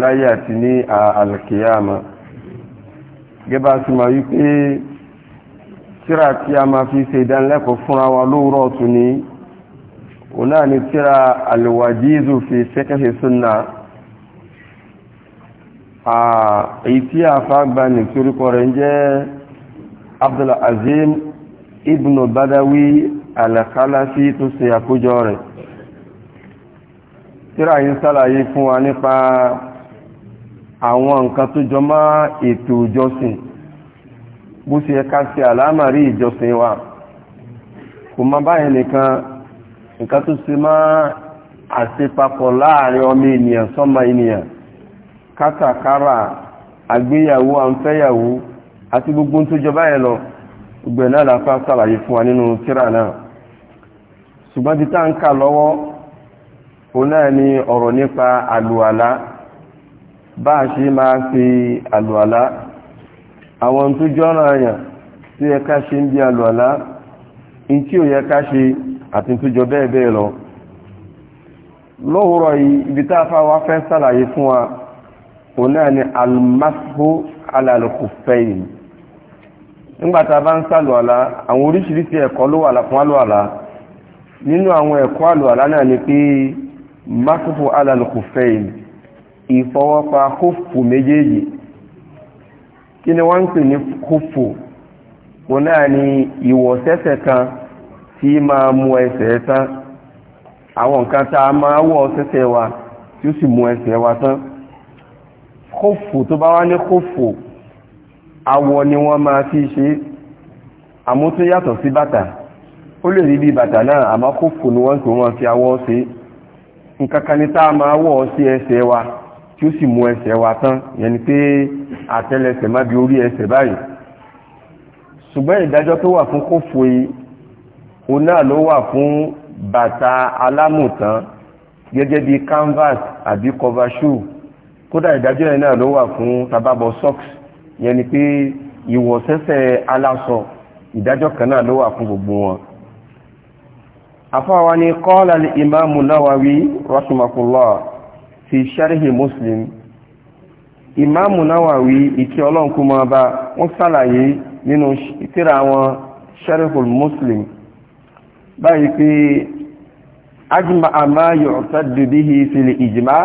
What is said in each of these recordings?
láyé àti ní àlàkìyàmà gẹ́bà sí ma wípé tíra tí a máa fi ṣe ìdánilẹ́kọ̀ọ́ fúnra wa lóòrọ̀ tún ní ọ̀nà ni tíra alwajizu fi fiqhi súnà èyí tí a fàgbà ní torúkọ rẹ̀ ń jẹ́ Abdul ibn Badawi al-Khalafi tó ṣe àkójọ rẹ̀ tíra yìí sálàyé fún wa nípa àwọn nǹkan tó jọ ètò ìjọsìn bó ṣe ká ìjọsìn wa kò má báyìí nìkan nǹkan tó ṣe mọ́ àṣepapọ̀ láàrin ọmọ ènìyàn sọ́mọ ènìyàn kátàkárà àgbéyàwó àǹfẹ́yàwó àti gbogbo tó jọ báyìí lọ náà lápá sàlàyé fún wa nínú náà ṣùgbọ́n ti bá a ṣe máa fi àlùwàlá àwọn tó jọ́ra àyàn tí ẹka ṣe ń bí àlùwàlá in tí ò ṣe àti tó jọ bẹ́ẹ̀ bẹ́ẹ̀ lọ lóòrọ̀ yi ibi tá wá fẹ́ sàlàyé fún wa òun náà ni almashu alalukufẹ́yìn nígbàtà bá ń àwọn oríṣiríṣi ẹ̀kọ́ ló wà fún nínú àwọn ẹ̀kọ́ ìfọwọ́pa hófù méjèèjì kí ni wọ́n ń pè ní hófù wọn náà ni ìwọ̀sẹ̀sẹ̀ kan tí máa mú ẹsẹ̀ tán àwọn nǹkan tá a máa wọ̀ sẹ́sẹ̀ wa tí ó sì mú ẹsẹ̀ wa tán hófù tó bá wá ní hófù awọ ni wọ́n máa fi ṣe àmótó yàtọ̀ sí bàtà ó lè rí bí bàtà náà àmọ́ hófù ni wọ́n tó wọ́n fi awọ ṣe nǹkan kan ní tá a máa wọ̀ sí ẹsẹ̀ wa tí ó sì mú ẹsẹ̀ wa tán yẹn ni pé àtẹlẹsẹ̀ má bi orí ẹsẹ̀ báyìí ṣùgbọ́n ìdájọ́ tó wà fún kófòye òun náà ló wà fún bàtà alámùtán gẹ́gẹ́ bí canvas àbí cover shoe kódà ìdájọ́ yẹn náà ló wà fún tababọ socks yẹn ni pé ìwọ̀sẹ̀sẹ̀ aláṣọ ìdájọ́ kan náà ló wà fún gbogbo wọn afáwa ni qala al-imamu Nawawi rahimahullah fi sharhi muslim ìmáàmù náwàwí ìkẹ́ ọlọ́nkú máa bá wọ́n sàlàyé nínú tírà wọn sharhul muslim báyìí pé ajma àmá yu'taddu bihi fil ijma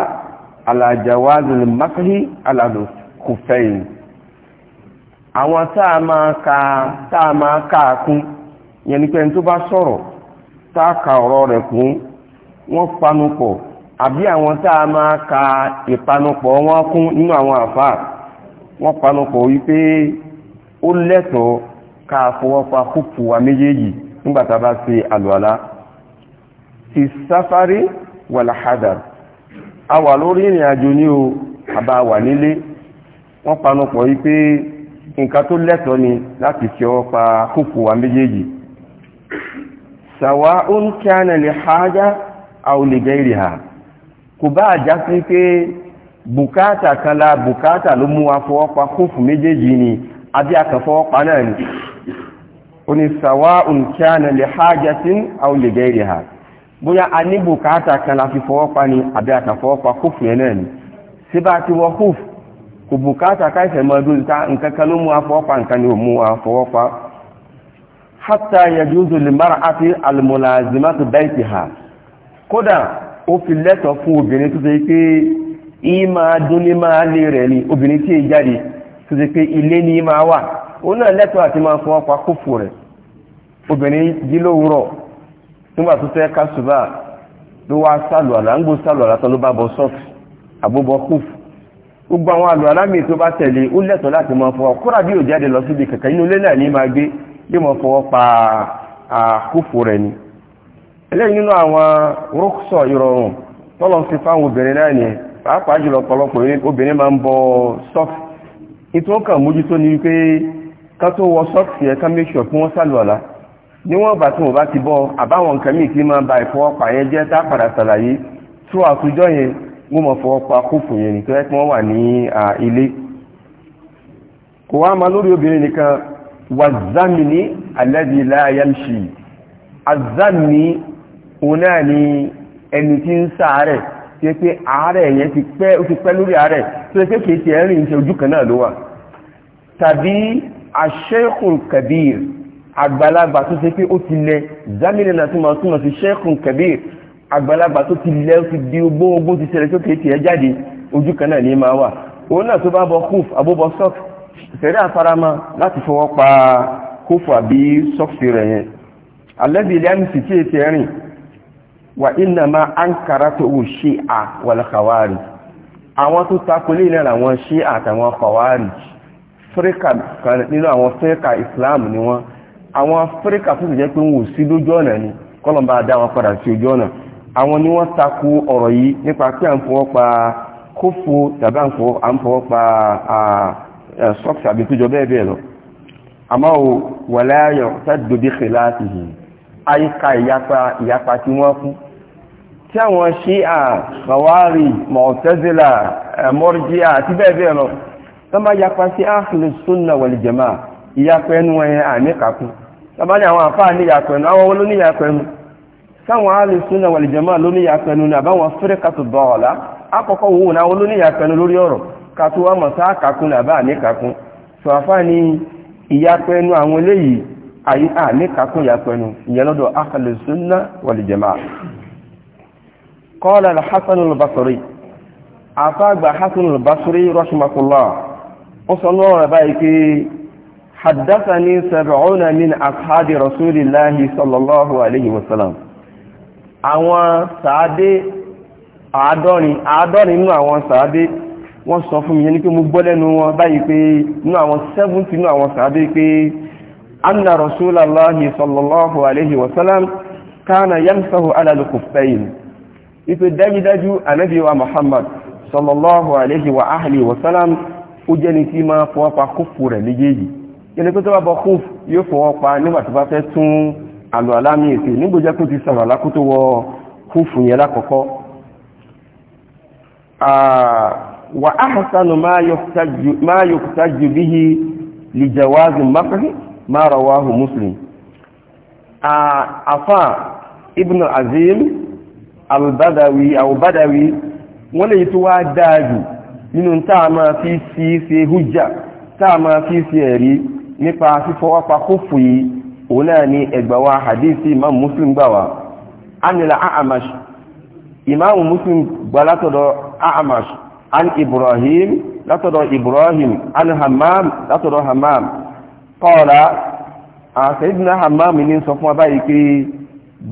ala jawazil makhi ala al-khuffayn àwọn táà máa ka táà máa káàkún yẹn tó bá sọ̀rọ̀ táà ka ọ̀rọ̀ rẹ̀ kún wọ́n panu pọ̀ àbí àwọn tá a máa ka ìpanupọ̀ wọn kún nínú àwọn àfà wọ́n panupọ̀ wípé ó lẹ́tọ̀ọ́ ká fọwọ́fà kúpù wa méjèèjì nígbàtà bá ṣe àlùwàlá ti sáfárí wàlàhádà a wà lórí ìrìn àjò ní o àbá wà nílé wọ́n panupọ̀ wípé nǹkan tó lẹ́tọ̀ọ́ ni láti fi ọwọ́ pa kúpù wa méjèèjì sàwá ó ń kí á nà lè hájá àwọn olè gẹ́ ìrìn àjò kò bá àjá sí pé bùkátà kan la bùkátà ló mú wa fọwọ́pa kófù méjèèjì ni àbí akànfọwọ́pa náà ni ó ní sàwá òǹkíánà lè hájá sí àwọn lè gẹ́ ìrìhà bóyá a ní bùkátà kan la fi fọwọ́pa ni àbí akànfọwọ́pa kófù yẹn náà ni síbá ti wọ kófù kò bùkátà káìsẹ̀ mọ́ ọdún ta nǹkan kan ló mú wa fọwọ́pa nǹkan ni ò mú wa fọwọ́pa hatta yajuzu limar'ati almulazimatu baytiha kódà ó fi lẹ́tọ̀ fún obìnrin tó ṣe pé í máa dúnlé máa lè rẹ̀ ni obìnrin tí èyí jáde tó ṣe pé ilé ní máa wà òun náà lẹ́tọ̀ àti máa pa rẹ̀ obìnrin jí nígbà tó fẹ́ kásùbà ló wá sálù àlá ń gbó sálù àlá tán ló bá bọ sọ́ọ̀fù àbúbọ kófò gbogbo àwọn àlù alámì tó bá tẹ̀lé ó lẹ́tọ̀ láti eléyìí nínú àwọn rúkṣọ ìrọ̀rùn tọ́lọ̀ fi fáwọn obìnrin náà ni pàápàá jùlọ ọ̀pọ̀lọpọ̀ obìnrin máa ń bọ sọ́ọ̀fù ìtún kàn mójútó ni wípé ká tó wọ sọ́ọ̀fù yẹn ká mẹ́ṣọ̀ fún wọn sálùwàlá níwọ̀n bá tí wọ́n bá ti bọ́ àbáwọn nǹkan míì kí máa ba ìfọwọ́pà yẹn jẹ́ tá padà ṣàlàyé tó àtújọ́ yẹn wọ́n mọ̀ fọwọ́pà kófò yẹn nìkan ẹ́ òun náà ni ẹni tí ń ṣàárẹ̀ tí ó pé àárẹ̀ yẹn ti pẹ́ ó ti pẹ́ lórí àárẹ̀ tó ṣe pé kìí ṣe ẹ̀rìn ṣe ojú kan náà ló wà tàbí aṣẹ́kùn kabir àgbàlagbà tó ṣe pé ó ti lẹ zamina náà túmọ̀ túmọ̀ sí ṣẹ́kùn kabir àgbàlagbà tó ti lẹ ó ti di ogbó ogbó ti ṣẹlẹ̀ tó kìí ṣe ẹ jáde ojú kan náà ní máa wà òun náà tó bá bọ kúf abóbọ sọ́ọ̀kì ṣẹ̀rẹ́ àfarama láti fọwọ́ pa kófù àbí sọ́ọ̀kì rẹ̀ yẹn alẹ́bí ilé àmì sì tí èsì wà innama ankaratuhu shi'a wal khawarij àwọn tó takulé náà àwọn shi'a àtàwọn khawarij fíríkà kan nínú àwọn fíríkà islam ni wọ́n àwọn fíríkà tó jẹ́ pé wọ́n sí lójú ọ̀nà ni kọlọmbà dá wọn padà sí ojú ọ̀nà àwọn ni wọ́n takú ọ̀rọ̀ yìí nípa pé à ń fọwọ́ pa kófò tàbí à ń fọwọ́ pa sọ́ọ̀kì àbí tó jọ bẹ́ẹ̀ bẹ́ẹ̀ lọ àmọ́ wala yaqtaddu bi khilafihi àyíká ìyapa ìyapa tí wọ́n kú tí àwọn ṣíà kàwárì mọ̀tẹ́zìlà eh, mọ́rìjíà àti bẹ́ẹ̀ bẹ́ẹ̀ lọ tó yapa sí ahlu jamaa ìyapa ẹnu wọn yẹn àníkàkú ní àwọn àfáà ní ìyapa ẹnu àwọn ló ìyapa ẹnu sáwọn ìyapa ẹnu ní àbáwọn àyí à ní kàkún ìyàpẹnu ìyẹn lọ́dọ̀ ahlu sunna wal jamaa qala al-Hasan al-Basri àfáàgbà Hasan al-Basri rahimahullah ó sọ lọ́rọ̀ rẹ̀ báyìí pé haddathani sab'una min ashabi rasulillahi sallallahu alayhi wa sallam àwọn sàádé àádọ́rin àádọ́rin nínú àwọn sàádé wọ́n sọ fún mi yẹn ní pé mo gbọ́ wọn báyìí pé nínú àwọn 70 nínú àwọn sàádé pé أن رسول الله صلى الله عليه وسلم كان يمسه على الكفين إذا النبي ومحمد صلى الله عليه وآله وسلم ojẹni tí máa fọwọ́ pa kúfù rẹ̀ méjèèjì yẹni pé tó bá bọ kúfù yóò fọwọ́ pa nígbà tó bá fẹ́ tún àlọ́ alámi ètè nígbòjẹ́ kó ti sọ̀rọ̀ alákótó wọ kúfù yẹn lákọ̀ọ́kọ́ wà áhàsánù máa yọkùtà jù bíhi lìjẹ̀wáàzù mákàrí ma rawahu muslim afa ibn azim albadawi albadawi wọ́n lè tó wá dáadù nínú táà máa fi sí ṣe hujja táà máa fi sí ẹ̀rí nípa fífọwọ́pa kófù yìí òun náà ni ẹgbàwà hadithi imam muslim gbàwà anila a'amash imam muslim gbà látọ̀dọ̀ a'amash an ibrahim látọ̀dọ̀ ibrahim an hammam látọ̀dọ̀ hammam kọ́ọ̀lá àṣẹ́dínà hamami ní sọ fún wa báyìí pé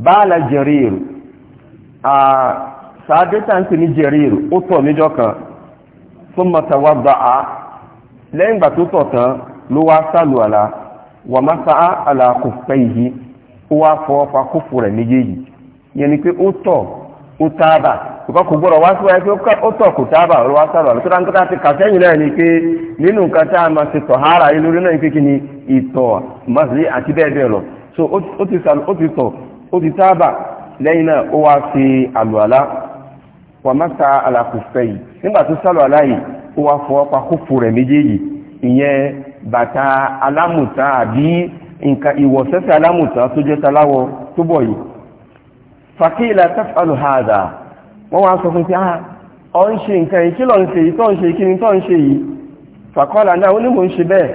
báàlá jẹ̀rìrù sàádẹ́ta ń pè ní jẹ̀rìrù ó tọ̀ níjọ́ kan fún mọ̀tàwàgbà á lẹ́yìn ìgbà tó tọ̀ tán ló wá sálù àlá wà má sáá àlà kò Utaba táàbà ṣùgbọ́n kò gbọ́dọ̀ wá síwájú pé ó tọ̀ kò táàbà ó wá sábà lọ́tọ́ dáńtọ́ láti kàfẹ́yìn náà ni pé nínú nǹkan tá a máa ṣe tọ̀ hárà yìí lórí náà ni pé ni ìtọ̀ màsí àti bẹ́ẹ̀ bẹ́ẹ̀ lọ so ó ti sàlù ó ti tọ̀ ó ti táàbà lẹ́yìn náà ó wá ṣe àlùalá wà má sa àlàkùfẹ́ yìí nígbà tó sàlù àlá yìí ó wá fọwọ́ pa kófò rẹ̀ méjèèjì ìyẹn bàtà alámùtà àbí nǹkan fàkílà tafàlù hàdà wọ́n wá sọ fún pé ah ọ ń ṣe nǹkan yìí kí lọ ń ṣe yìí tó ń ṣe kí ni tó ń ṣe yìí fàkọ́là náà ó ní mò ń ṣe bẹ́ẹ̀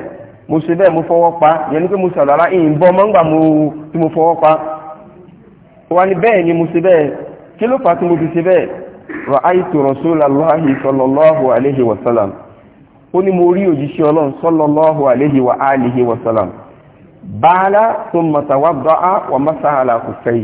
mo ṣe bẹ́ẹ̀ mo fọwọ́ pa yẹn ni pé mo sọ̀rọ̀ ara ìyìn bọ́ mọ́ngbà mo tí mo fọwọ́ pa wà ní bẹ́ẹ̀ ni mo ṣe bẹ́ẹ̀ kí ló fà á tí mo fi ṣe bẹ́ẹ̀ rà áyì tó rasulallahi sallallahu alaihi wà mọ́sáhàlà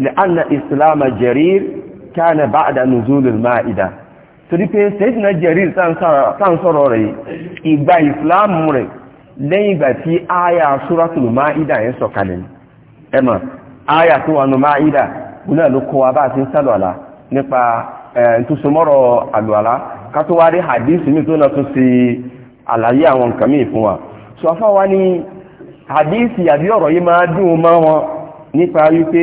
لأن إسلام جرير كان بعد نزول المائدة torí pé Sayyidina Jarir sáàsọ̀rọ̀ rẹ̀ ìgbà ìsìláàmù rẹ̀ lẹ́yìn ìgbà tí àyà Suratul Maida yẹn sọ̀kalẹ̀ ẹmọ̀ àyà tó wà ní Maida náà ló kọ́ wa bá ti ń sálọ̀lá nípa ẹ̀ntúsọmọ́rọ̀ àlùwàlá kátó wá rí hadith mi tó náà tó ṣe àlàyé àwọn nǹkan míì fún wa sọ fáwa ní hadith yàbí ọ̀rọ̀ yìí máa dùn mọ́ wọn nípa wípé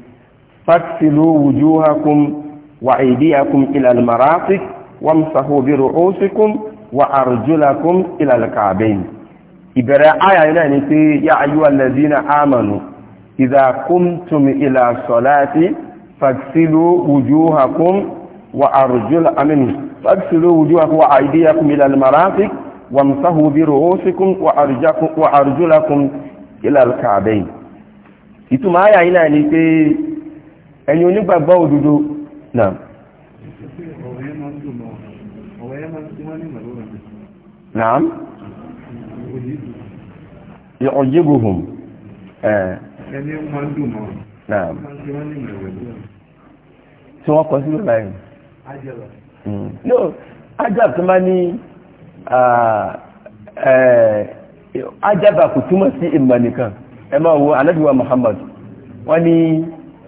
فاغسلوا وجوهكم وايديكم الى المرافق وامسحوا برؤوسكم وارجلكم الى الكعبين ابرا ايه هنا يا ايها الذين امنوا اذا قمتم الى الصلاه فاغسلوا وجوهكم وارجل امين فاغسلوا وجوهكم وايديكم الى المرافق وامسحوا برؤوسكم وارجلكم الى الكعبين ايتما ايه هنا ان ẹ̀yin onígbàgbọ́ òdodo náà. Naam. Yọ̀ọ̀yẹ́gbòhùn. Ẹni wọ́n dùn mọ́. Naam. Tí wọ́n kọ sí lọ́la yìí. Ajẹ́lọ. Hmm. No, ajab tó máa ní ajaba kò túmọ̀ sí ìmọ̀ nìkan. Ẹ máa wo Anábìwá Muhammad. Wọ́n ní.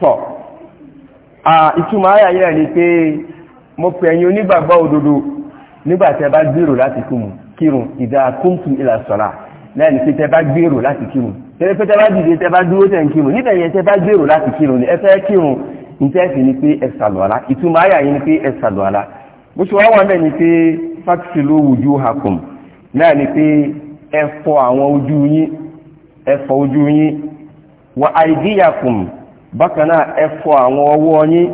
tọ̀ ìtumọ̀ ayà yẹ́ ni pé mo pè ẹ̀yin onígbàgbọ́ òdodo nígbà tẹ́ bá gbèrò láti kírun ìdá kúntù ìlà sọ̀rà lẹ́yìn pé tẹ́ bá gbèrò láti kírun tẹ́lẹ̀ pé tẹ́ bá dìde tẹ́ bá dúró tẹ́ ń kírun níbẹ̀ yẹn tẹ́ bá gbèrò láti kírun ni ẹ fẹ́ kírun ìtẹ́sì ni pé ẹ ṣàlùwàlá ìtumọ̀ ayà yìí ni pé ẹ ṣàlùwàlá bó ṣe wá wà bẹ́ẹ̀ ni pé fákìsì ló wùjú hakùn náà ni pé ẹ àwọn ojú yín ẹ ojú yín wà àìdíyàkùn bákan náà ẹ fọ àwọn ọwọ́ yín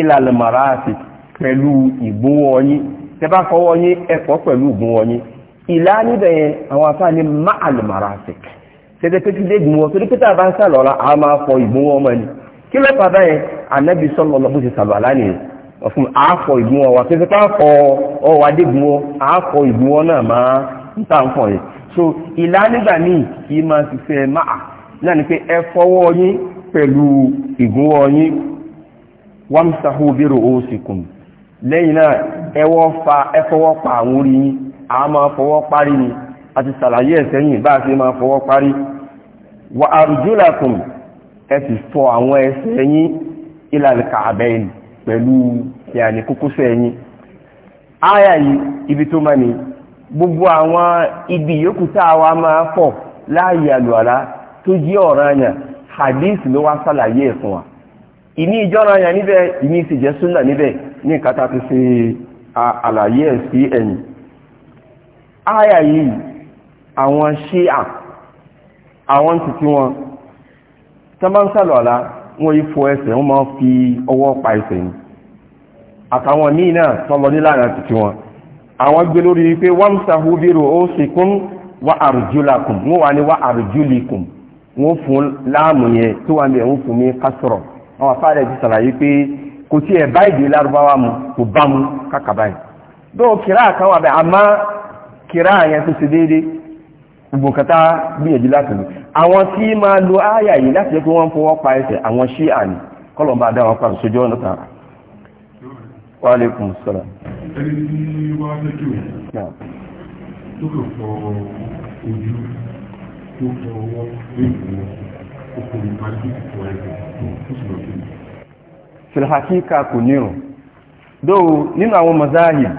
ìlàlẹ̀ màráàsì pẹ̀lú ìgbúnwọ́ yín tẹ bá fọwọ́ yín ẹ fọ pẹ̀lú ìgbúnwọ́ yín ìlà níbẹ̀ yẹn àwọn afá ní máàlì màráàsì tẹ́tẹ́ pé kílé ìgbúnwọ́ torí pé tá bá ń sàlọ́ra a máa fọ ìgbúnwọ́ mọ́ ni kí ló fà báyẹn ànábì sọ́lọ́ lọ́bù ti sàlọ́ àlá nìyẹn ọ̀fun àáfọ̀ ìgbúnwọ́ wa tẹ́tẹ́ pé àfọ ọwọ́ adégbúnwọ́ àáfọ ìgbúnwọ́ náà máa ń tà ń fọ̀ yẹn so ìlà nígbà míì kì í máa ti fẹ́ máa náà ni pé ẹ fọwọ́ yín pẹ̀lú ìgúnwọ́ yín wamsahu bi ru'usikum lẹ́yìn náà ẹwọ́ fa àwọn orí yín a máa fọwọ́ parí ni a ti sàlàyé bá a fi máa fọwọ́ parí wa arjulakum ẹ sì fọ àwọn ilal ka'bayn pẹ̀lú yàní kókósẹ̀ yín áyà yìí ibi tó máa gbogbo àwọn ibi yòókù tá a wá máa fọ̀ láàyè àlùwàlá tó jí hadith ló wá sàlàyé ẹ̀ fún wa ìní ìjọ́ra yà níbẹ̀ ìní sì jẹ́ súnà níbẹ̀ ní ìkàtà ti fi àlàyé ẹ̀ sí ẹ̀yìn áyà yìí àwọn ṣíà àwọn títí wọn tó bá ń sàlọ̀lá wọ́n yí fọ ẹsẹ̀ wọ́n máa fi ọwọ́ pa ẹsẹ̀ ni àtàwọn míì náà tọ́lọ nílára títí wọn àwọn gbé lórí wípé wọ́n sàhúbírò ó sì kún wà àrùjúlákùn wọ́n wà ní wà àrùjúlíkùn wọ́n fún láàmù yẹn tí wọ́n bẹ̀ wọ́n fún mi kásọ̀rọ̀ àwọn afárẹ̀ ti sàlàyé pé kò tí ẹ̀ báyìí dé lárúbáwá mu kò bá mu kàkà báyìí dóò kìrá kan wà bẹ́ àmá kìrá yẹn tó ṣe déédé ìbùkátá gbìyànjú láti lò àwọn tí máa lo ááyà yìí láti jẹ́ pé wọ́n fọwọ́ pa ẹsẹ̀ àwọn ṣí àní kọ́lọ̀ bá dá wọn pàṣẹ sójú ọ̀nà tààrà ojú tó fọwọ́ léèwọ̀ okòwò ìpàdé ìfọ̀ ẹ̀rọ tó sì lọ sí. filhakika kò nírun dóò nínú àwọn mazahib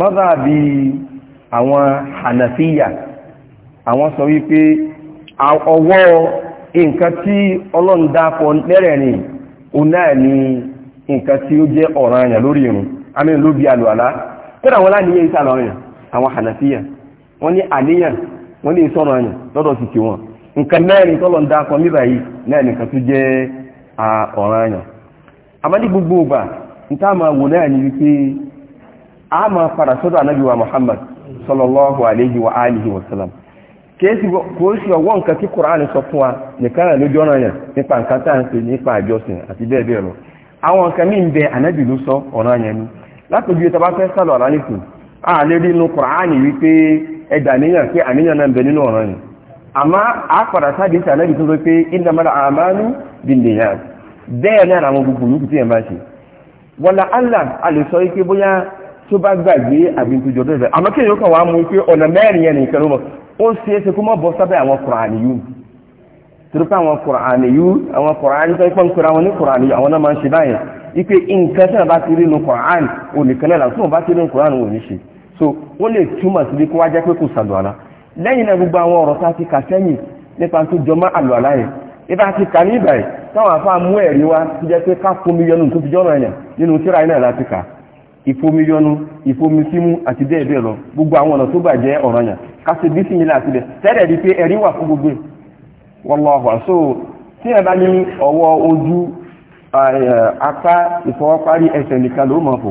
mazhabi àwọn hanafiya àwọn sọ wípé ọwọ́ nǹkan tí náà ni nǹkan tí ó jẹ́ ọ̀ràn àyàn lórí irun amínú ló bí alùwàlá ìsàlọ́rìn àwọn wọ́n ní àníyàn wọ́n lè sọ̀rọ̀ àyàn lọ́dọ̀ sì kí wọn nǹkan mẹ́rin tọ́lọ̀ ń dá akọ mí báyìí náà nìkan tó jẹ́ ọ̀ràn gbogbo ìgbà ń tá wò náà ní a ma padà sọ́dọ̀ ànábì wa Muhammad sallallahu alayhi wa alihi wa sallam kéèsì kò sí ọwọ́ nǹkan tí Kùránì sọ fún wa nìkan náà lójú ọ̀ràn nípa nǹkan tá à ń pè nípa àjọsìn àti bẹ́ẹ̀ bẹ́ẹ̀ bẹ ló sọ ọ̀ràn ìta bá fẹ́ sálọ̀ àlálẹ́kùn ẹ̀dà níyàn pé àníyàn náà bẹ nínú ọ̀ràn yìí àmá àpàdà sáàdì sí ànábì tó sọ pé innamal a'malu binniyat bẹ́ẹ̀ náà àwọn gbogbo yìí tí ṣe wọ́n Allah a lè sọ pé bóyá tó bá gbàgbé àbí ìtòjọ́ tó rẹ̀ àmọ́ kí èèyàn kan wá mú pé ọ̀nà mẹ́rin yẹn nìkan ló mọ̀ ó ṣe é ṣe kó kura wọn ní kùràníyù àwọn náà máa ń ṣe báyẹn ipe nǹkan tí wọn bá ti rí nu kùràníyù òníkan náà tí wọn bá ti rí nu kùràníyù òní ṣe so wọ́n lè túmọ̀ sí bí kí wọ́n á jẹ́ pé kò sàlùwàlá lẹ́yìn náà gbogbo àwọn ọ̀rọ̀ tá a ti kà sẹ́yìn nípa tó jọmọ́ àlùwàlá yẹn ibà ti kà ní ìbàyẹ̀ táwọn afá mú ẹ̀rí wá tó jẹ́ pé ká fún mílíọ̀nù tó fi jọ́rọ̀ ẹ̀yàn nínú tíra iná láti kà ìfomílíọ̀nù ìfomisímú àti bẹ́ẹ̀ bẹ́ẹ̀ lọ gbogbo àwọn ọ̀nà tó bàjẹ́ ọ̀rọ̀ yẹn ká ṣe bí sìnyí láti bẹ̀ tẹ́lẹ̀ di pé ẹ̀rí wà fún gbogbo wọlọ́ọ̀hà so tí ẹ bá ní ọwọ́ ojú apá ìfọwọ́parí ẹsẹ̀ nìkan ló mọ̀ fò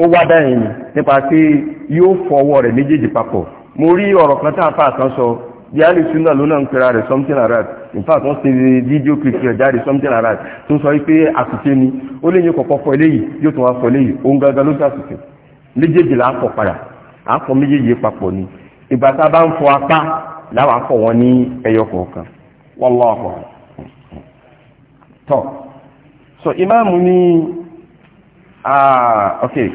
ó wá dáyìn ni nípa pé yóò fọwọ́ rẹ̀ méjèèjì papọ̀ mo rí ọ̀rọ̀ kan tá kan sọ bí alẹ́ sunna ló ń pera rẹ̀ something like that in fact wọ́n ṣe fídíò clip rẹ̀ jáde something like that tó sọ pé àtúnṣe ni ó lè yín kọ̀kọ́ fọ eléyìí yóò tún wá fọ eléyìí òun gangan ló ṣàtúnṣe méjèèjì là á fọ padà à ń fọ méjèèjì papọ̀ ni ìgbà tá a bá ń fọ apá làwọn á fọ wọn ní ẹyọ kọ̀ọ̀kan wallahu tọ́ so ìmáàmù ni ah okay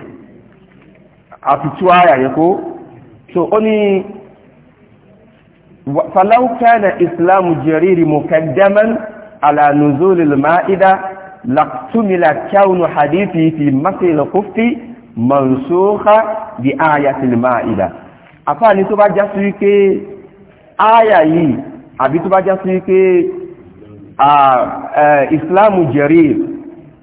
àfitú àyà yẹ kó so ó ní falau kana islamu jariri mukaddaman ala nuzulil ma'ida laqtumila kaunu hadithi fi masil kufti mansukha bi ayatil ma'ida afa ni tó bá já sí wípé àyà yìí àbí tó bá já sí wípé islamu jariri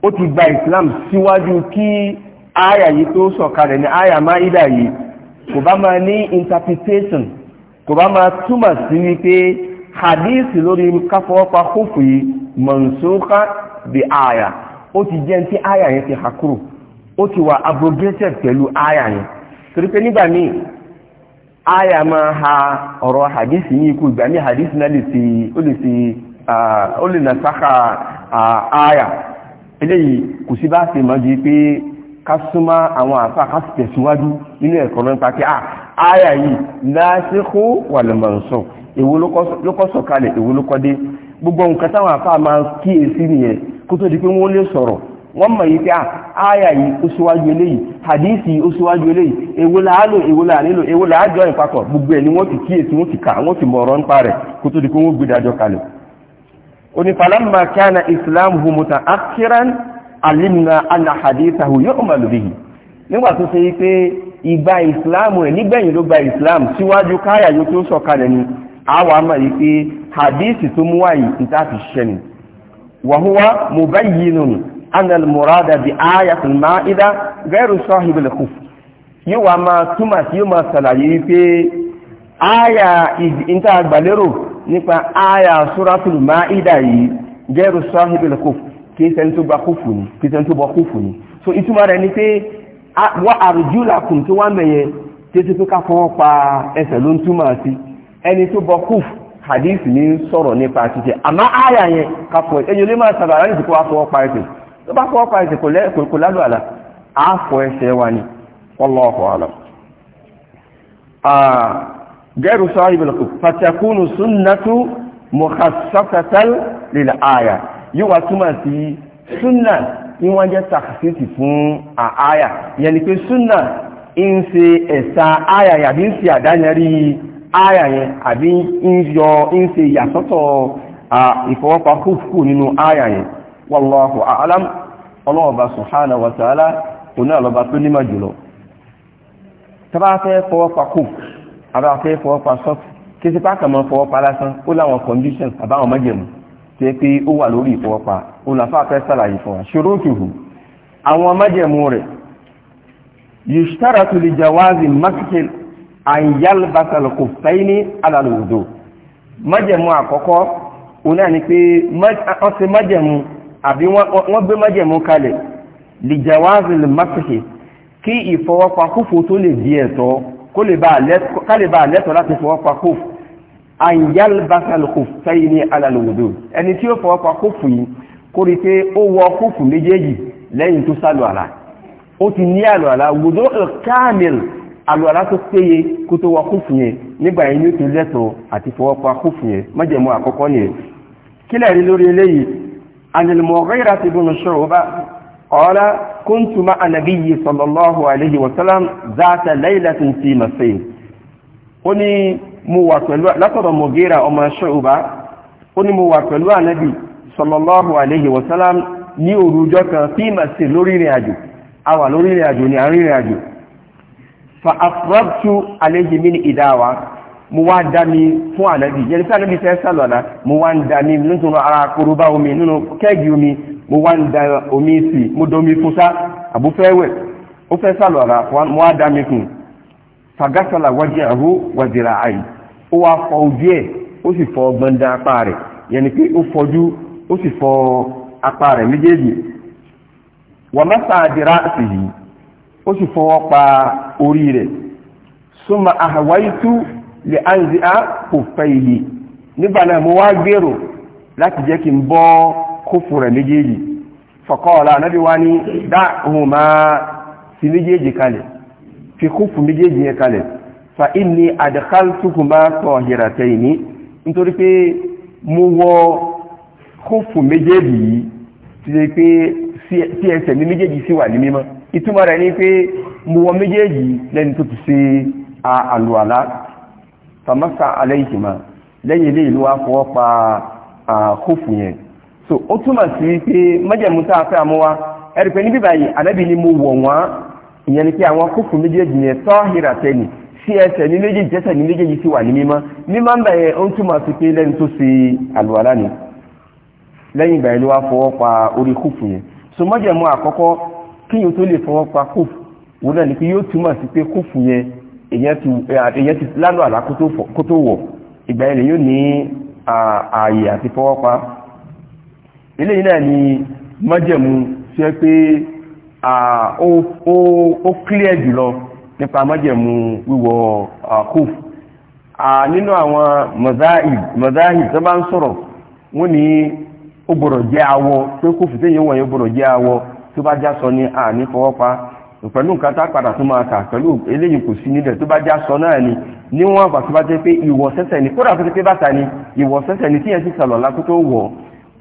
ó ti gba islam síwájú kí Aya yìí tó sọ̀kalẹ̀ ní áyà Máídà yìí kò bá máa ní interpretation kò bá máa túmọ̀ sí wípé hadith lórí káfọwọ́pa kófù yìí mọ̀nsóká bí áyà ó ti jẹ́ tí áyà yẹn ti hakuru ó ti wà abrogated pẹ̀lú áyà yẹn torí pé nígbà míì áyà máa ha ọ̀rọ̀ hadith ní ikú ìgbà ní hadith náà lè fi ó lè fi ó lè nà sáka áyà eléyìí kò sí bá ṣe mọ́ di pé ká súnmọ́ àwọn àfà ká sì tẹ̀síwájú nínú ẹ̀kọ́ nípa ah, kí à áyà yìí lásìkò wà lọ́mọ̀ọ́sọ̀ èwo ló kọ́ sọ̀kalẹ̀ èwo ló kọ́ dé gbogbo nǹkan táwọn àfà máa kíyèsí nìyẹn kó tó di pé wọ́n lè sọ̀rọ̀ wọ́n mọ̀ yìí pé ah, àyà yìí ó síwájú eléyìí hadisi ó síwájú eléyìí èwo làálò èwo làálò èwo làájọ́ ni wọ́n ti kíyèsí wọ́n ti kà wọ́n ti mọ̀ọ̀rọ̀ nípa rẹ̀ kó tó di pé wọ́n islam hu muta'akhiran alimna anna hadithahu yu'malu bihi nígbà tó ṣe pé ìgbà ìsìláàmù rẹ̀ nígbẹ̀yìn ló gba ìsìláàmù síwájú káyà yóò tó sọ̀kalẹ̀ ni àwọn àmà yìí pé hadithi tó mú wáyìí níta fi ṣiṣẹ́ ni wa huwa mubayyinun anna al-murada bi ayatul ma'ida ghayru sahibil khuf yóò wá máa túmọ̀ kì í ṣẹni tó gba kófù ni kì í ṣẹni tó bọ kófù ni so ìtumọ̀ rẹ̀ ni pé wọ́n àrùjú làkùn tó wá mẹ́yẹ títí pé ká fọwọ́ pa ẹsẹ̀ ló ń túmọ̀ sí ẹni tó bọ kófù hadith ní sọ̀rọ̀ nípa títí àmá àyà yẹn ká fọ ẹyọ lè máa sàbàrà ní ìsìnkú wá fọwọ́ pa ẹsẹ̀ tó bá fọwọ́ pa ẹsẹ̀ kò lálù àlà á fọ ẹsẹ̀ wa ni wallahu alam gẹ́rù sọ ìbìlọ̀kù fatakunu sunnatu mukhassasatal lil aya yóò wá túmọ̀ sí súnà tí wọ́n jẹ́ sàkàsìtì fún àáyà yẹn ni pé súnà ń ṣe ẹ̀sà àáyà yẹn àbí ń ṣe àdáyẹrí àáyà yẹn àbí ń yọ ń ṣe ìyàsọ́tọ̀ ìfọwọ́pa kúkú nínú àáyà yẹn wallahu a'lam ọlọ́ọ̀bá subhanahu wa ta'ala òní àlọ́ba tó nímọ̀ jùlọ tọ́bá fẹ́ fọwọ́pa kúkú àbá fẹ́ fọwọ́pa sọ́ọ̀tù kí sí pàkàmọ́ fọwọ́pa tí pé ó wà lórí ìfọwọ́pa olàfáà fẹ́ sàlàyé fún wa ṣòro tùhù àwọn májẹ̀mú rẹ̀ yushtaratu li jawazi makil an yalbasa al-kuffaini ala al-wudu májẹ̀mú àkọ́kọ́ ona ni pé ó ṣe májẹ̀mú àbí wọ́n gbé májẹ̀mú kalẹ̀ li jawazi al-makhi kí ìfọwọ́pa kúfù tó lè di ẹ̀tọ́ kó lè bá lẹ́tọ̀ọ́ láti fọwọ́pa kúfù àǹjẹ́l basal kòfẹ́ ní alàlùwòdò ẹni tí ó fọwọ́ pa kófù yìí kó rí pé ó wọ kófù méjèèjì lẹ́yìn tó sálù àlà ó ti ní àlù àlà wòdó káàmìl àlù àlà tó péye kó tó wọ kófù yẹn nígbà yẹn ní ó ti lẹ́tọ̀ọ́ àti fọwọ́ pa kófù yẹn májẹ̀mú àkọ́kọ́ nìyẹn kílẹ̀ rí lórí eléyìí anilmọ̀gẹ́ra ti bùn ṣọ́ọ̀bá ọ̀ọ́lá kúntù ma anàbíyí sallallahu alaihi wasallam zaata lailatin fi masai ó ní mo wà pẹ̀lú látọ̀dọ̀ mọ̀gẹ́ra ọmọ ṣọ́ọ̀bá ó ní mo wà pẹ̀lú ànábì sallallahu alayhi wa sallam ní òru ọjọ́ kan fi mà sí lórí ìrìn àjò a wà lórí ìrìn àjò ní àárín ìrìn àjò fa afrabtu alayhi min idawa mo wá dá mi fún ànábì yẹn tí ànábì fẹ́ sàlọ̀lá mo wá ń dá mi nítorí ara fagasala waj'ahu wa zira'i ó wá fọ ojú ẹ̀ ó sì fọ gbọ̀ndà apá rẹ̀ yẹni pé ó fọjú ó sì fọ apá rẹ̀ méjèèjì wa masa dira'sihi ó sì fọwọ́ pa orí rẹ̀ summa ahawaitu li anzi'a kuffayhi nígbà náà mo wá gbèrò láti jẹ́ kí n bọ́ kófù rẹ̀ méjèèjì faqala nábì wá ní dáhùn máa fi méjèèjì kalẹ̀ fi kúfù méjèèjì yẹn kalẹ̀ fa inni adkhaltuhuma tahirataini nítorí pé mo wọ kúfù méjèèjì yìí ti lè pé sí ẹsẹ̀ mi méjèèjì sí wà ní mímọ́ ìtumọ̀ rẹ̀ ni pé mo wọ méjèèjì lẹ́ni tó ti ṣe àlùwàlá famasa alayhima lẹ́yìn ilé ìlú wa fọwọ́ pa kúfù yẹn so ó túmọ̀ sí pé májẹ̀mú tá a fẹ́ àmúwa ẹ̀rì pé níbí báyìí ànábì ni mo wọ̀ wọ́n ìyẹn ni pé àwọn kófù méjèèjì yẹn tọ́hìrà tẹ́lẹ̀ sí ẹsẹ̀ ní méjèèjì tẹ́sẹ̀ ní méjèèjì sí wà ní mímọ́ mímọ́ ń bẹ̀ yẹn ó ń túmọ̀ sí pé lẹ́ni tó ṣe àlùwàlá ni lẹ́yìn ìgbà yẹn ló wá fọwọ́ pa orí kófù yẹn so mọ́jẹ̀mú àkọ́kọ́ kíyìn tó lè fọwọ́ pa kófù wọn náà ni pé yóò túmọ̀ sí pé kófù yẹn èyàn ti lálọ́ àlá pa eléyìí náà ni mọ́jẹ̀mú ṣe pé ó clear jùlọ nípa májẹ̀mú wíwọ kóf nínú àwọn mazahib tó bá ń sọ̀rọ̀ wọ́n ní ó gbọ́dọ̀ jẹ́ awọ pé kófù tí yíò wọ̀nyí ó gbọ́dọ̀ jẹ́ awọ tó bá jásọ ní àní fọwọ́pa pẹ̀lú nǹkan tá padà tó máa kà pẹ̀lú eléyìí kò sí nílẹ̀ tó bá jásọ náà ni níwọ̀n àgbà tó bá jẹ́ pé ìwọ̀ ni kódà tó ti pé bàtà ni ìwọ̀ sẹ́sẹ̀ ni tíyẹn sì sàlọ̀ lákòótó wọ̀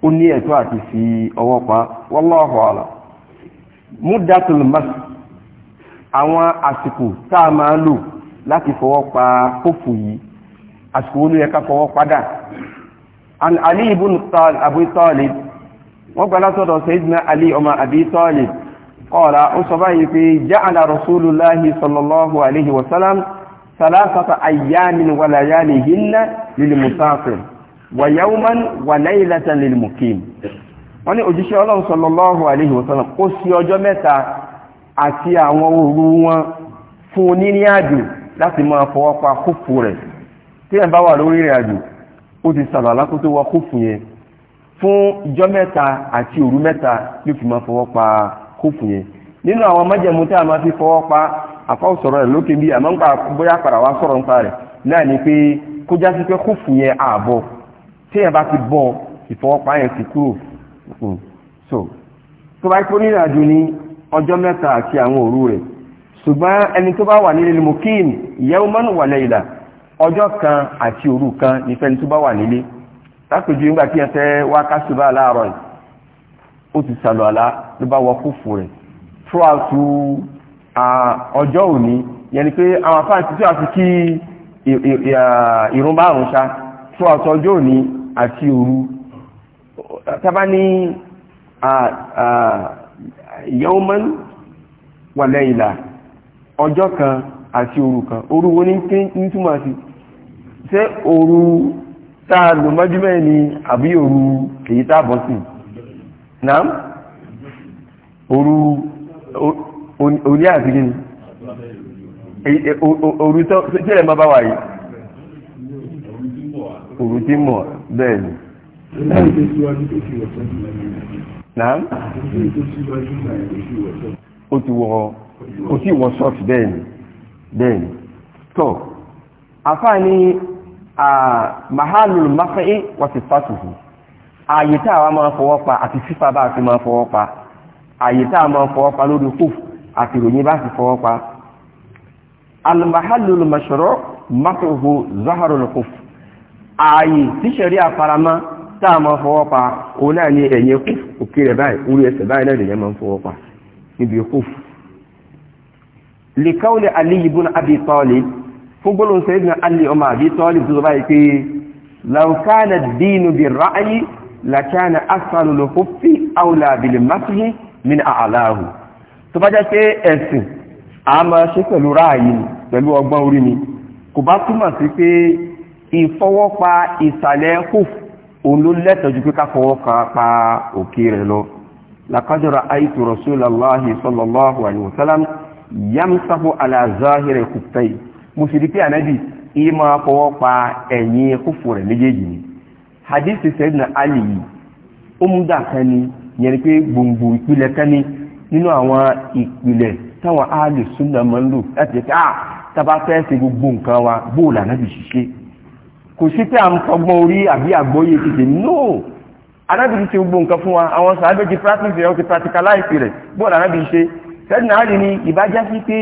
ó ní ẹ̀tọ́ àti fi ọwọ́ pa wallahu a'lam múdàtún mas àwọn àsìkò tá a máa lò láti fọwọ́ pa kófù yìí àsìkò olú yẹ ká fọwọ́ padà an ali ibn abu talib wọ́n gbà látọ̀dọ̀ sayyidina ali ọmọ abi talib qala ó sọ báyìí pé ja'ala rasulullahi sallallahu alaihi wasallam ثلاثة أيام ولياليهن للمسافر ويوما وليلة للمقيم wọ́n ní òjíṣẹ́ ọlọ́run sallallahu alaihi wasallam ó sí ọjọ́ mẹ́ta àti àwọn òru wọn fún onírìn àjò láti máa fọwọ́ pa kúfù rẹ̀ tí ẹ̀ bá wà lórí rìn àjò ó ti sàlọ̀ alákó tó wọ kúfù yẹn fún ìjọ́ mẹ́ta àti òru mẹ́ta ló fi máa fọwọ́ pa kúfù yẹn nínú àwọn májẹ̀mú tí a máa fi fọwọ́ pa àfáwọ̀ ni pé kó já sí pé kúfù yẹn ààbọ̀ tí ẹ̀ yẹn ti kúrò Hmm. so tó bá kó nínú àjò ní ọjọ́ mẹ́ta àti àwọn òru rẹ̀ ṣùgbọ́n ẹni tó bá wà nílé mokin yawman wa layla ọjọ́ kan àti òru kan nífẹ̀ẹ́ni tó bá wà nílé lápèjú nígbà tí ẹ fẹ́ wá kásùbà láàárọ̀ yìí ó ti sàlọ̀ àlá ló bá wọ kúfù rẹ̀ fúrásù ọjọ́ òní yẹn pé àwọn afáàtì tí a kí ìrun àrùn ṣá fúrásù ọjọ́ òní àti òru tàbá ní yawman wa layla ọjọ́ kan àti òru kan òru wo ní túnmà sí ṣé òru táà lò mọ́júmẹ́ ni àbí òru èyí tàbọ̀ sí náà òru òní àti gíní e, òru tí ẹ̀rẹ̀ máa bá wà yìí òru tí mọ̀ bẹ́ẹ̀ ni ó ti wọ kò sí wọ sọ́ọ̀tì bẹ́ẹ̀ni bẹ́ẹ̀ni tó afáà ní mahalul mafa'i wa sifatuhu ààyè tá àwa máa fọwọ́ pa àti sífà bá ti máa fọwọ́ pa ààyè tá a máa fọwọ́ pa lórí kúf àti ìròyìn bá ti fọwọ́ pa al-mahalul mashru' mafuhu zaharul kúf ààyè tíṣẹ̀rí àfaramá táà máa fọwọ́ pa òun náà ní ẹ̀yìn ẹkù òkè rẹ̀ báyìí orí ẹsẹ̀ báyìí náà lèyàn máa ń fọwọ́ pa níbi ẹkù li qawli Ali ibn Abi Talib fún gbólóhùn sẹ́yìn náà Ali ọmọ Abi Talib tó báyìí pé law kana ad-dinu bir-ra'yi la kana asfalu al-khuffi awla bil-masyi min tó bá jẹ́ pé ẹ̀sìn a máa ṣe pẹ̀lú ráàyè pẹ̀lú ọgbọ́n orí ni kò bá túmọ̀ sí pé ìfọwọ́pa ìsàlẹ̀ kófù òun ló lẹ́tọ̀ọ́ ju pé ká fọwọ́ kan pa òkè rẹ̀ lọ laqad ra'aytu rasulallahi sallallahu alayhi wa sallam yamsahu ala zahiri kùtẹ́yì mo sì rí pé ànábì ìyí máa fọwọ́ pa ẹ̀yìn kúfù rẹ̀ méjèèjì ni hadith sayyidina ali yìí ó mú dà kan ni yẹn pé gbòǹgbò ìpìlẹ̀ kan ni nínú àwọn ìpìlẹ̀ táwọn ahlus sunnah máa ń lò láti ah, ṣe pé tábà fẹ́ kò sí pé à ń fọgbọ́n orí àbí àgbóyè títì no anábìrì ṣe gbogbo nǹkan fún wa àwọn sàádọ́ ti practice rẹ̀ ó ti practicalize rẹ̀ bọ́ọ̀lù anábìrì ṣe sẹ́dínà á rí ni ìbájá sí pé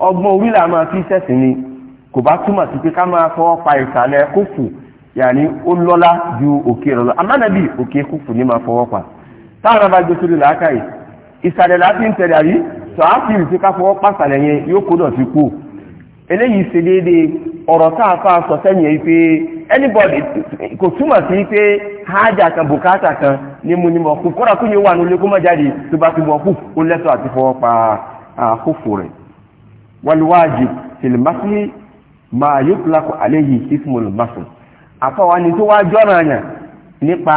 ọgbọ́n orí là máa fi sẹ́sìn ni kò bá túmọ̀ sí pé ká máa fọwọ́ pa ìsàlẹ̀ kófù yàní ó lọ́lá ju òkè lọ́lá amánàbì òkè kófù ní máa fọwọ́ pa táwọn abájọ sórí làákàyè ìsàlẹ̀ láti ń tẹ̀lé àrí sọ eléyìí ṣe déédéé ọ̀rọ̀ tá a fa sọ sẹ́yìn yìí pé anybody kò túmọ̀ sí pé hájà kan bùkátà kan ní mu ní mọ̀ kú kọ́ra kó yẹ wà nílé kó má jáde tó bá ti mọ̀ kú ó lẹ́tọ̀ àti fọwọ́ pa àkófò rẹ̀ wàlúwàjì tìlìmásílì máa yóò tilakọ̀ àléyìí ismul masun àfọwọ́ ni tó wá jọ́ra yàn nípa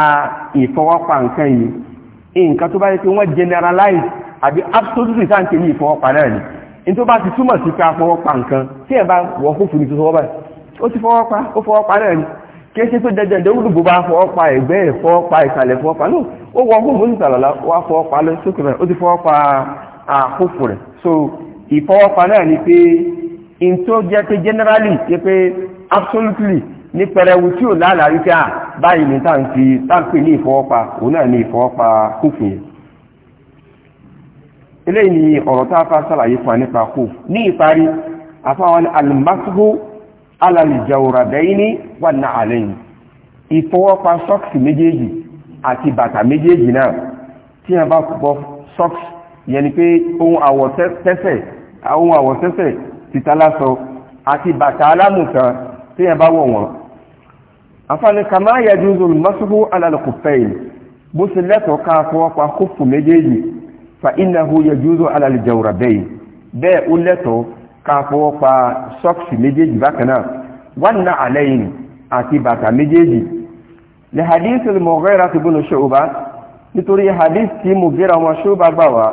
ìfọwọ́pa nǹkan yìí nǹkan tó bá yẹ pé wọ́n generalize àbí absolutely sáǹkì ní ìfọwọ́pa náà ni in tó bá ti túmọ̀ sí ká fọwọ́ pa nǹkan tí ẹ̀ bá wọ kó fún ìtò fọwọ́ báyìí ó ti fọwọ́ pa ó fọwọ́ pa náà ni kí é ṣe pé dẹdẹ ìdẹ́rùdùgbò bá fọwọ́ pa ẹ̀gbẹ́ ẹ̀ fọwọ́ pa ìsàlẹ̀ fọwọ́ pa náà ó wọ kó fún ìsàlọ̀lá wá fọwọ́ pa lọ sókè rẹ̀ ó so ìfọwọ́ pa náà in tó jẹ́ generally jẹ́ pé absolutely ní pẹrẹwu tí ò lálàá wípé à báyìí ní táǹkì táǹkì ní ìfọwọ́ pa òun náà ní ìfọwọ́ pa kófò eléyìí ni ọ̀rọ̀ tá a fa sàlàyé fún wa nípa kù ní ìparí àfáwọn alimasihu alalijawuradẹ́yìní wà ní àlẹ́yìn ìfọwọ́pa sọ́ọ̀sì méjèèjì àti bàtà méjèèjì náà tí a bá pọ̀ sọ́ọ̀sì yẹn ni pé ohun àwọ̀tẹ́sẹ̀ ohun àwọ̀tẹ́sẹ̀ tìtàlásọ àti bàtà alámùkan tí a bá wọ̀ wọ́n àfáàní kàmá yẹjúzùn masihu alalikufẹ́yìn bó ti lẹ́tọ̀ọ́ ká fọwọ́pa kófù méjèèjì fa innahu yajuzu ala al-jawrabayn bẹ́ẹ̀ ó lẹ́tọ̀ọ́ ká fọwọ́ pa sọ́ọ̀kì méjèèjì bákan náà wan na'alayn àti bàtà méjèèjì ní hadith al-Mughira ibn Shu'ba nítorí hadith tí Mughira wọn Shu'ba gbà wá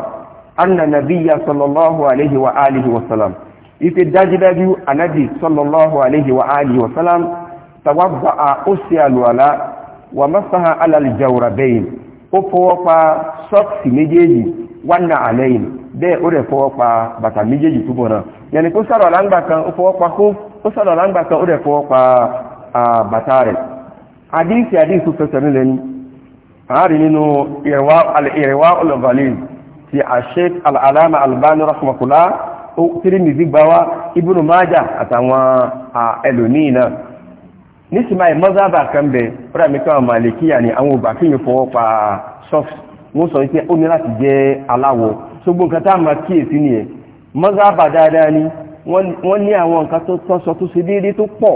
anna nabiyya sallallahu alayhi wa alihi wa sallam ife dájúdájú anabi sallallahu alayhi wa alihi wa sallam tawadda'a ó sì àlùwàlá wa masaha ala al-jawrabayn ó fọwọ́ pa sọ́ọ̀kì méjèèjì wánà àlẹ́yìn bẹ́ẹ̀ ó rẹ̀ fọwọ́ pa bàtà méjèèjì túbọ̀ náà yẹni kó sàrọ̀ àlágbà kan ó fọwọ́ pa kó ó sàrọ̀ àlágbà kan ó rẹ̀ fọwọ́ pa bàtà rẹ̀ àdíìsì àdíìsì fẹsẹ̀ nílẹ̀ ni àárín nínú ìrẹ̀wá olùvalẹ̀ ti àṣẹ alàmà albani rahmakula ó Tirmidhi gbawa Ibnu Majah àtàwọn ẹlòmíì náà nísìmáì mọ́sáàbà kan bẹ̀ rẹ̀ mi kọ́ àwọn màlìkíyà ni àwọn òbàkíyàn fọwọ́ pa sọ́fì wọ́n sọ pé ó láti jẹ́ aláwọ̀ tá a dáadáa ni wọ́n ní àwọn nǹkan tó tọ́sọ tó ṣe déédéé tó pọ̀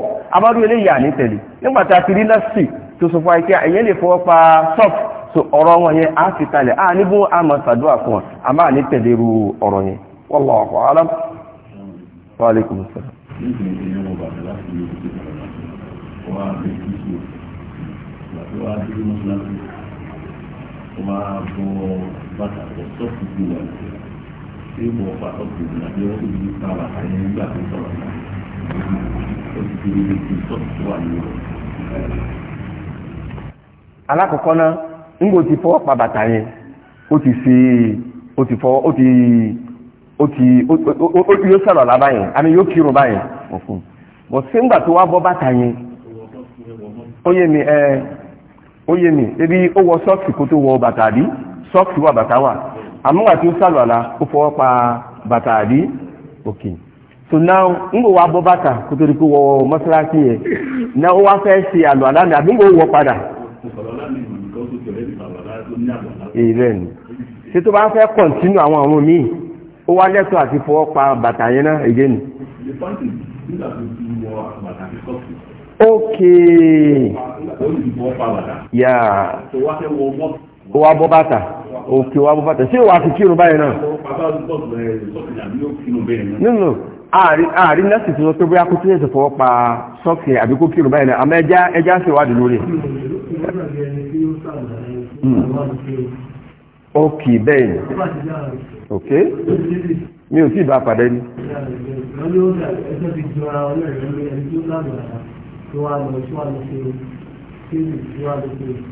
tẹ̀lé ti rí nọ́ọ̀sì tó sọ fún wa pé lè fọwọ́ pa sọ́ọ̀f so ọ̀rọ̀ wọn yẹn á fi talẹ̀ á sàdúrà fún ọ tẹ̀lé ru ọ̀rọ̀ yẹn wa alaikum salaam kuma ko ba ta da sọ́ọ̀tù ju wà lókè tí mo fa sọ́ọ̀tù ju wà lókè ó ta wà ní nígbà tó sọ̀rọ̀ ti pa bàtà yẹn ti ti ti ti yóò yẹn yóò ó yé mi ebi ó wọ sọ́ọ̀kì kó tó wọ bàtà sọ́ọ̀kì wà bàtà wà àmúwà tí ó sàlùwàlà ó fọwọ́ pa bàtà òkè so now ń bò wá bọ́ bàtà kó tó di kó wọ mọ́sálásí yẹn na ó wá fẹ́ ṣe àlùwàlá ni àbí ń bò wọ padà. ìrẹ́ ṣé tó bá fẹ́ kọ̀ntínú àwọn okay ya wa bọ́ bàtà òkè wa bọ́ bàtà sí wà fi kírun báyìí náà nínú ààrin nẹ́sì tó tó bí akútí ẹ̀sẹ̀ fọwọ́ pa sọ́kì àbí kó kírun báyìí náà àmọ́ ẹjá ẹjá sí ìwádìí lórí ókè hmm. bẹ́ẹ̀ ni ok mi ò tí ì bá padà ní tí wọ́n á lọ tí wọ́n á lọ ṣe fíìlì tí wọ́n á lọ ṣe wọ́n yí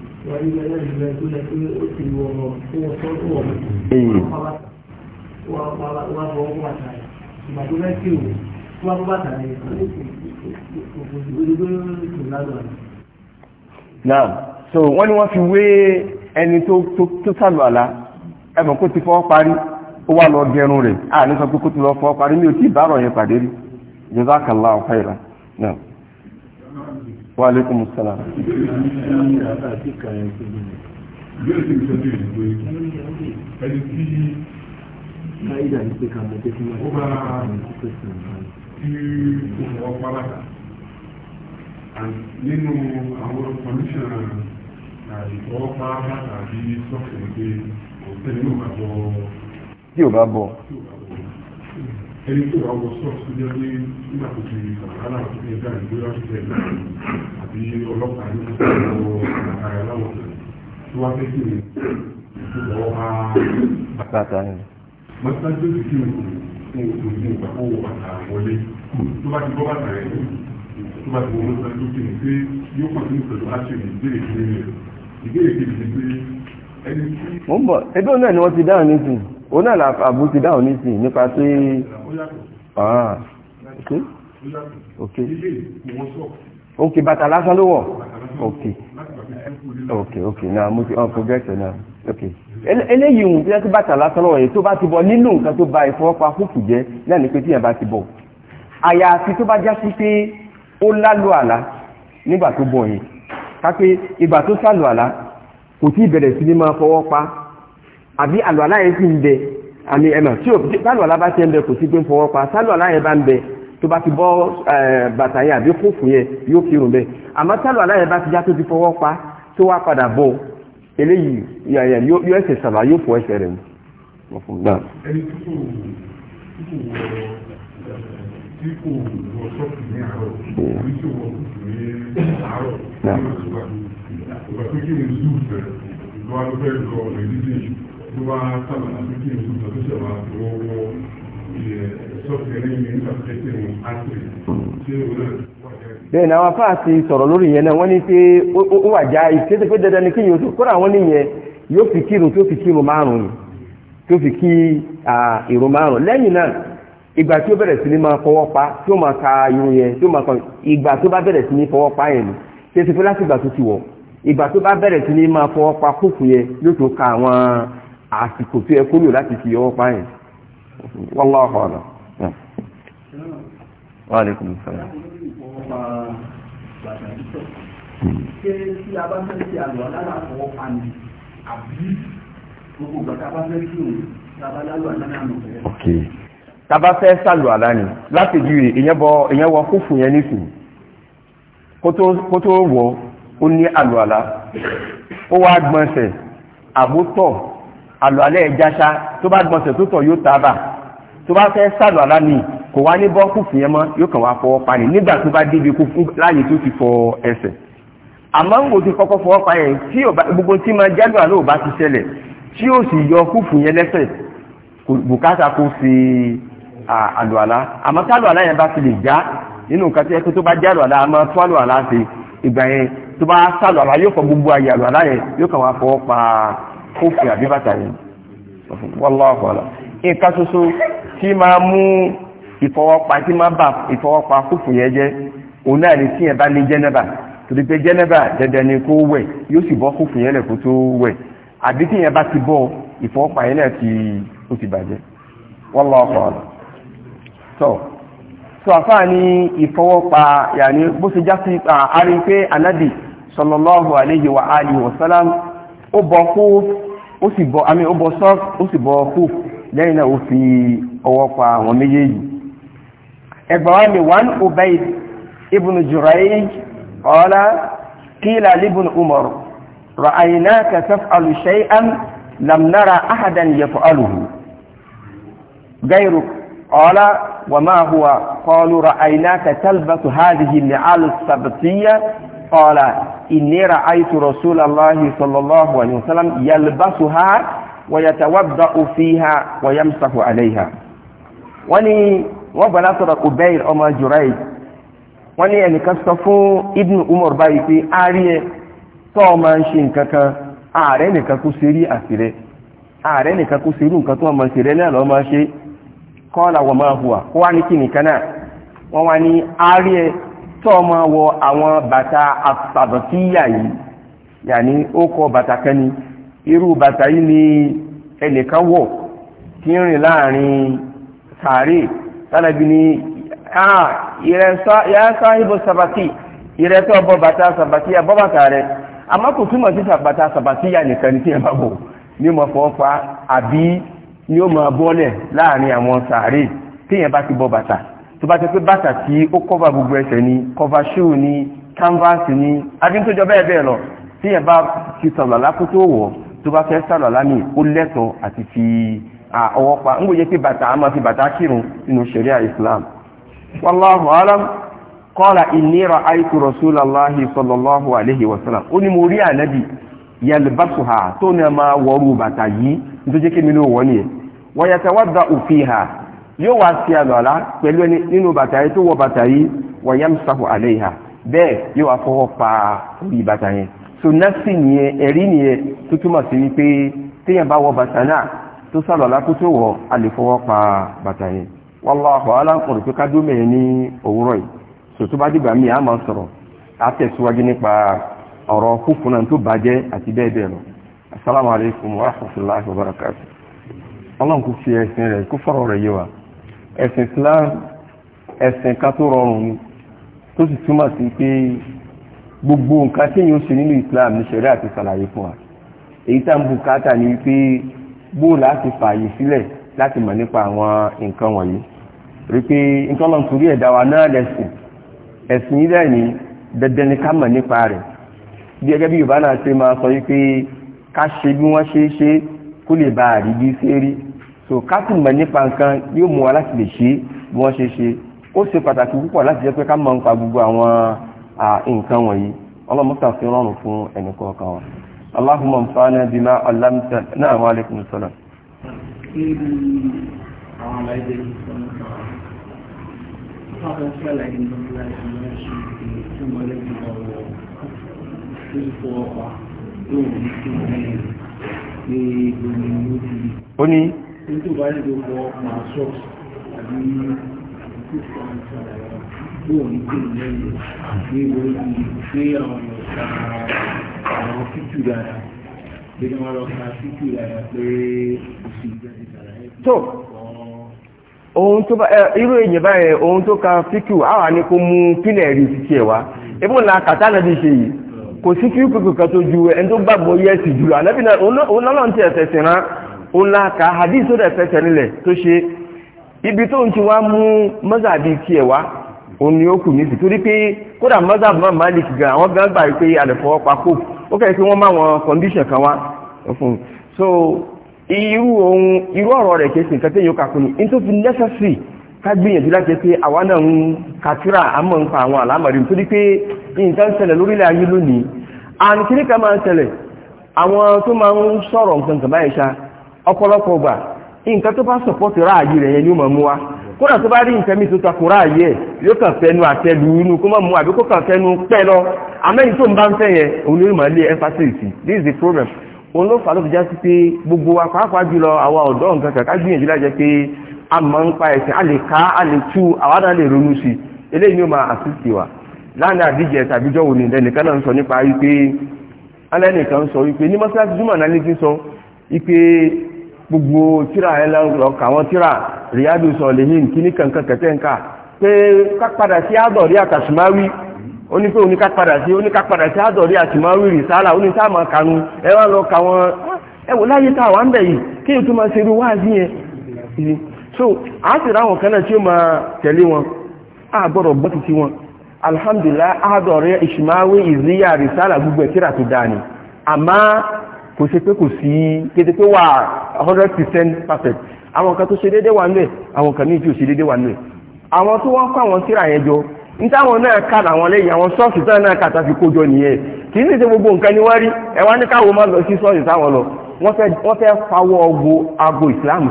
so when you want to wé ẹni to to to ẹ̀mọ̀ I'm going to parí ó wá lọ gẹrun rẹ̀ àà ní Ah, let's kó ti lọ fọ́ parí mi ò tí ì bá ọ̀rọ̀ yẹn pàdé rí jazakallahu khairan náà wa alaikum salam. Nínú àwọn kọmíṣánná ìfọwọ́pá bàtà bí sọ́ọ̀sì pé òun tẹ̀lé ò bá bọ̀. Tí ò bá bọ̀ ẹni tó wà wọ sọ́ọ̀sì tó pé nígbà tó ti kàkàrà tó ti dá ìgbé láṣẹ náà àbí ọlọ́pàá ní kókó àkàrà láwọn tó wá fẹ́ kí ni tó lọ́ bàtà ni. bàtà tó ti kí ni kò kò ní ìgbà kó bàtà wọlé tó bá ti bọ́ bàtà rẹ̀ tó bá ti wọ mọ́tà tó kí ni pé yóò kàn sí pẹ̀lú aṣọ ìbéèrè kí ni ìbéèrè kí ni pé ẹni tí. mo ń bọ̀ ẹgbẹ́ náà ni wọ́n ti dáhùn nísìnyí òun náà làbú ti dáhùn ní sìn nípa pé ah, ok ok bàtà lásán ló wọ̀ ok ok ok náà mo ti project oh, náà ok eléyìí ń bí bàtà lásán lọ́wọ́ yẹn tó bá ti bọ̀ nínú nǹkan tó ba ìfọwọ́pa fúfù jẹ́ náà ni pé tíyẹn bá ti bọ̀ àyàfi tó bá já sí pé ó lálù àlá nígbà tó bọ̀ yẹn ká pé ìgbà tó sálù àlá kò tí ì sí ní máa fọwọ́ pa àbí àlùwàlá yẹn sì ń bẹ àmì ẹ̀mà tí àlùwàlá bá ti ń bẹ kò sí pé ń fọwọ́ pa sálùwàlá yẹn bá ń bẹ tó bá ti bọ́ bàtà yẹn àbí fúfú yẹn yóò kírun bẹ́ẹ̀ àmọ́ sálùwàlá yẹn bá ti já tó ti fọwọ́ pa tó wá padà bọ̀ eléyìí yóò ẹsẹ̀ sàlá yóò fọ ẹsẹ̀ rẹ̀ mọ́ fún gbà. ẹni tó wá sábà láti kí nìkan tó ṣe wà tó wọ ilẹ̀ sọ́fẹ̀rẹ́ yìí nípa tẹ́tẹ́ wọn àti ṣé òun náà bẹ́ẹ̀ ni àwọn afáà ti sọ̀rọ̀ lórí yẹn náà wọ́n ní pé ó wà já ìkéde pé dandan ni kí yóò tó kóra àwọn nìyẹn yóò fi kírun tó fi kírun márùn-ún tó fi kí ìrun márùn-ún lẹ́yìn náà ìgbà tí ó bẹ̀rẹ̀ sí ní máa fọwọ́ pa tí ó máa ka irun yẹn tí ó máa kan ìgbà tó bá bẹ̀rẹ̀ sí ní fọwọ́ pa yẹn ni ṣé ti fi láti ìgbà tó ti wọ̀ ìgbà tó bá bẹ̀rẹ̀ sí ní máa fọwọ́ pa kófù yẹn yóò tó ka àwọn àsìkò tó yẹ kúrò láti fi ọwọ́ pa yẹn wallahu a'lam. wa alaikum salaam. ṣé tí a bá fẹ́ ṣe àlọ́ lára àfọwọ́ pa ni àbí gbogbo ìgbà tá a bá àlá ni láti ju ìyẹn wọ kófù yẹn nísìnyí kó tó wọ ó ní àlù àlá ó wá gbọ̀nsẹ̀ àbótọ̀ àlọ́ alẹ́ ẹ̀jáṣá tó bá gbọ́nsẹ̀ tó tọ̀ yóò tábà tó bá fẹ́ sàlọ̀ alá ni kò wá ní bọ́ kùfù yẹn mọ́ yóò kàn wá fọwọ́ pa ni nígbà tó bá débi kú fún láàyè tó ti fọ ẹsẹ̀ àmọ́ ń wò ti kọ́kọ́ fọwọ́ pa yẹn tí gbogbo tí máa jáde àlọ́ ò bá ti ṣẹlẹ̀ tí ó sì yọ kùfù yẹn lẹ́sẹ̀ bùkátà kó fi àlọ́ alá àmọ́ sàlọ̀ alá yẹn bá ti lè já nínú nǹkan tí ẹ tó bá jálò tó bá sálò àlá kófù àbí bàtà yìí wallahu alam nǹkan ṣoṣo tí máa mú ìfọwọ́pa tí máa bà ìfọwọ́pa kófù yẹn jẹ́ òun náà ni tíyẹn bá ní jẹ́nẹ́bà torí pé jẹ́nẹ́bà dandan ni kó wẹ̀ yóò sì bọ́ kófù yẹn lẹ̀ kó tó wẹ̀ àbí tíyẹn bá ti bọ́ ìfọwọ́pa yẹn náà ti ó ti bàjẹ́ wallahu alam so àfáà ní ìfọwọ́pa yàní bó ṣe já sí àárín pé anábì sallallahu alayhi wa alihi wa sallam ó bọ́ kó ó sì bọ́ àmì ó bọ́ sọ́ọ̀k ó sì bọ́ kú lẹ́yìn náà ó fi ọwọ́ pa àwọn méjèèjì ẹgbàá wa ni wọn Ubayd ibn Jurayj qala qila li ibn Umar ra'aynaka taf'alu shay'an lam nara ahadan yaf'aluhu gayruk qala wa ma huwa qalu ra'aynaka talbasu hadhihi al-ni'al as-sabtiyya qala inni ra'aytu rasulallahi sallallahu alayhi wa sallam yalbasuha wa yatawadda'u fiha wa yamsahu alayha wani wọ́n gbà látọ̀rọ̀ ubair ọmọ juraid wọ́n ní ẹnìkan sọ fún ibn umar báyìí pé ààrí ẹ tọ́ ọmọ ń ṣe nǹkan kan ààrẹ nìkan kó ṣe rí àṣìrẹ ààrẹ nìkan kó ṣe irú nǹkan tó ọmọ ṣe rẹ náà lọ́ọ́ máa ṣe kọ́ọ̀là wọ́n máa hùwà wọ́n wá ní kí nìkan náà wọ́n wá ní ààrí ẹ tọ́ ọmọ wọ àwọn bàtà àtàbọ̀tíyà yìí yàní ó kọ bàtà kẹni irú bàtà yìí ni ẹnìkan wọ̀ tí ń rìn láàrin sàárè tánàbí ni ah ìrẹsà ìbò sàbàtì ìrẹsà ọbọ bàtà sàbàtì àbọ̀ bàtà rẹ̀ àmọ́ kò túmọ̀ sí bàtà sàbàtìyà nìkan ní tí ẹ bá bọ̀ ní ọmọ fọ́fà àbí ní ó máa bọ́lẹ̀ láàrin àwọn sàárè tí yẹn bá ti bọ́ bàtà tó bá ti pé bàtà tí ó kọ́va gbogbo ẹsẹ̀ ni kọ́va ṣíù ni kánvásì ni adíntójọ bẹ́ẹ̀ bẹ́ẹ̀ lọ tí yẹn bá ti sọ̀rọ̀ lákó tó wọ̀ tó bá fẹ́ sọ̀rọ̀ lámì ó lẹ́tọ̀ọ́ àti fi ọwọ́ pa ń gbòye pé bàtà á máa fi bàtà kírun nínú ṣẹ̀ríà Islam. wallahu alam qala wa sallam ó ní mo rí ànábì yalbasuha tó ní a máa wọrú bàtà yìí nítorí kí mi ló wọ nìyẹn wa yatawadda'u yóò wá sí àlọ́lá pẹ̀lú ẹni nínú bàtà yìí tó wọ bàtà yìí wọ́n yá mùsàfù àlẹ́ ìhà bẹ́ẹ̀ yóò wá fọwọ́ pa orí bàtà yẹn so nọ́ọ̀sì nìyẹn ẹ̀rí nìyẹn tó túmọ̀ sí wípé téèyàn bá wọ bàtà náà tó sàlọ́lá kó tó wọ a lè fọwọ́ pa bàtà yẹn wallahu a'lam kò rò pé ká dómẹ̀ ní òwúrọ̀ yìí so tó bá dìgbà míì á máa sọ̀rọ̀ á tẹ̀síwájú nípa ọ̀rọ̀ kúkúnà ọlọ́run kò fi ẹ̀sìn rẹ̀ kó fọ́rọ̀ rẹ̀ yé wa ẹ̀sìn Islam ẹ̀sìn ká tó rọrùn ni tó sì túmọ̀ sí pé gbogbo nǹkan téèyàn ṣe nínú Islam ní ṣẹ̀rí àti ṣàlàyé fún wa èyí tá ń bùkátà ni wípé bóò láti fààyè sílẹ̀ láti mọ̀ nípa àwọn nǹkan wọ̀nyí rí pé nǹkan lọ́n torí ẹ̀dá wa náà lẹ́sìn ẹ̀sìn yìí dẹ̀ ní dandan ni ká mọ̀ nípa rẹ̀ bí gẹ́gẹ́ bí Yorùbá náà ṣe máa sọ wípé ká ṣe bí wọ́n ṣe é ṣe kó lè bá àrí ṣe rí so ká sì mọ̀ nípa nǹkan yóò mú wa láti lè ṣe bí wọ́n ṣe ṣe ó ṣe pàtàkì púpọ̀ láti jẹ́ pé ká mọ̀ nípa gbogbo àwọn nǹkan wọ̀nyí ọlọ́mọ́sà fi rọrùn fún ẹnì kọ̀ọ̀kan wa aláhùnmọ̀ nfààní bí má ọ̀làmìtà náà wà lẹ́kùn sọ́nà. ó ní ní tó bá nílò pọ̀ máa ṣọ́ọ̀ṣì àbí bóò ní pé lẹ́yìn pé wọ́n ti gbé àwọn ọ̀sà àwọn fíjù dára pé wọ́n lọ ka fíjù dára pé oṣù ìgbẹ́ni dára ẹ̀ tó ohun tó bá irú èyàn báyẹ̀ ohun tó ka fíkù àwà ní kó mú pílẹ̀ rí títí ẹ̀wá ebó la kàtà náà ti ṣe yìí kò sí fíkù kankan tó ju ẹni tó gbàgbọ́ yẹ́sì jùlọ ànábì náà òun náà ń tẹ̀ ẹ̀sẹ̀ sí rán ńlá ka hadith tó dẹ̀ fẹsẹ̀ nílẹ̀ tó ṣe ibi tó ń ti wá mú mọ́sàbí tiẹ̀ wá òun ni ó kù ní sí torí pé kódà mọ́sàbí máa Malik gan àwọn gan gbà pé àlẹ́fọwọ́ pa ó kẹ́ pé wọ́n máa wọn condition kan wá fún so irú ohun irú ọ̀rọ̀ rẹ̀ kìí sí nǹkan téèyàn kà kún ní in tó fi necessary ká gbìyànjú láti pé àwa náà ń kàtúrà àmọ́ ń pa àwọn àlámọ̀rí nítorí pé nǹkan ṣẹlẹ̀ lórílẹ̀ ayé lónìí àǹkíríkà máa ń ṣẹlẹ̀ àwọn tó máa ń sọ̀rọ̀ nǹkan kàbáyé ṣáá ọpọlọpọ gbà nǹkan tó bá sọ̀pọ̀tì ráàyè rẹ̀ yẹn ni ó mọ̀ mú wa kódà tó bá rí nǹkan mi tó takò ráàyè ẹ̀ yóò kàn fẹnu àtẹlù inú kó mọ̀ mú lọ amẹ́yìn tó ń bá ń fẹ́ yẹn òun ló mọ̀ lé this is the problem òun ló fà ló gbogbo wa pàápàá jùlọ àwa ọ̀dọ́ nǹkan pé a a gbogbo tíra ẹlọ́kà wọn tíra ríádù sọ̀lẹ̀hìn kí ní kankan kẹtẹ́ǹkà pé kápadà sí àdọ̀rí àtàṣìmáwí ó ní pé ó ní kápadà sí ó ní kápadà sí àdọ̀rí àtàṣìmáwí rìsálà ó ní sáàmà kanú ẹwà lọ wọn ẹwò láyé so a sì ráwọn kan náà tí ó máa tẹ̀lé wọn a gbọ́dọ̀ gbọ́ títí wọn alhamdulillah àdọ̀rí ìṣìmáwí ìzíyà kò ṣe pé kò sí kété pé wà 100% perfect àwọn kan tó ṣe déédéé wà nílẹ̀ àwọn kan ní tí ò ṣe déédéé wà nílẹ̀ àwọn tó wọ́n kọ́ àwọn síra yẹn jọ ní táwọn náà ká làwọn lẹ́yìn àwọn ṣọ́ọ̀ṣì táwọn náà kàtà fi kójọ nìyẹn kì í ṣe gbogbo nǹkan ni wọ́n rí lọ sí táwọn lọ wọ́n fẹ́ fawọ́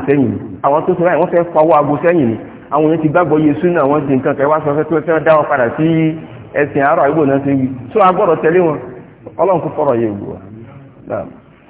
sẹ́yìn ni àwọn tó sọ wọ́n fẹ́ fawọ́ sẹ́yìn ni àwọn yẹn ti gbàgbọ́ wọ́n ti nǹkan kẹwàá sọ fẹ́ tó náà agbọ́dọ̀ tẹ̀lé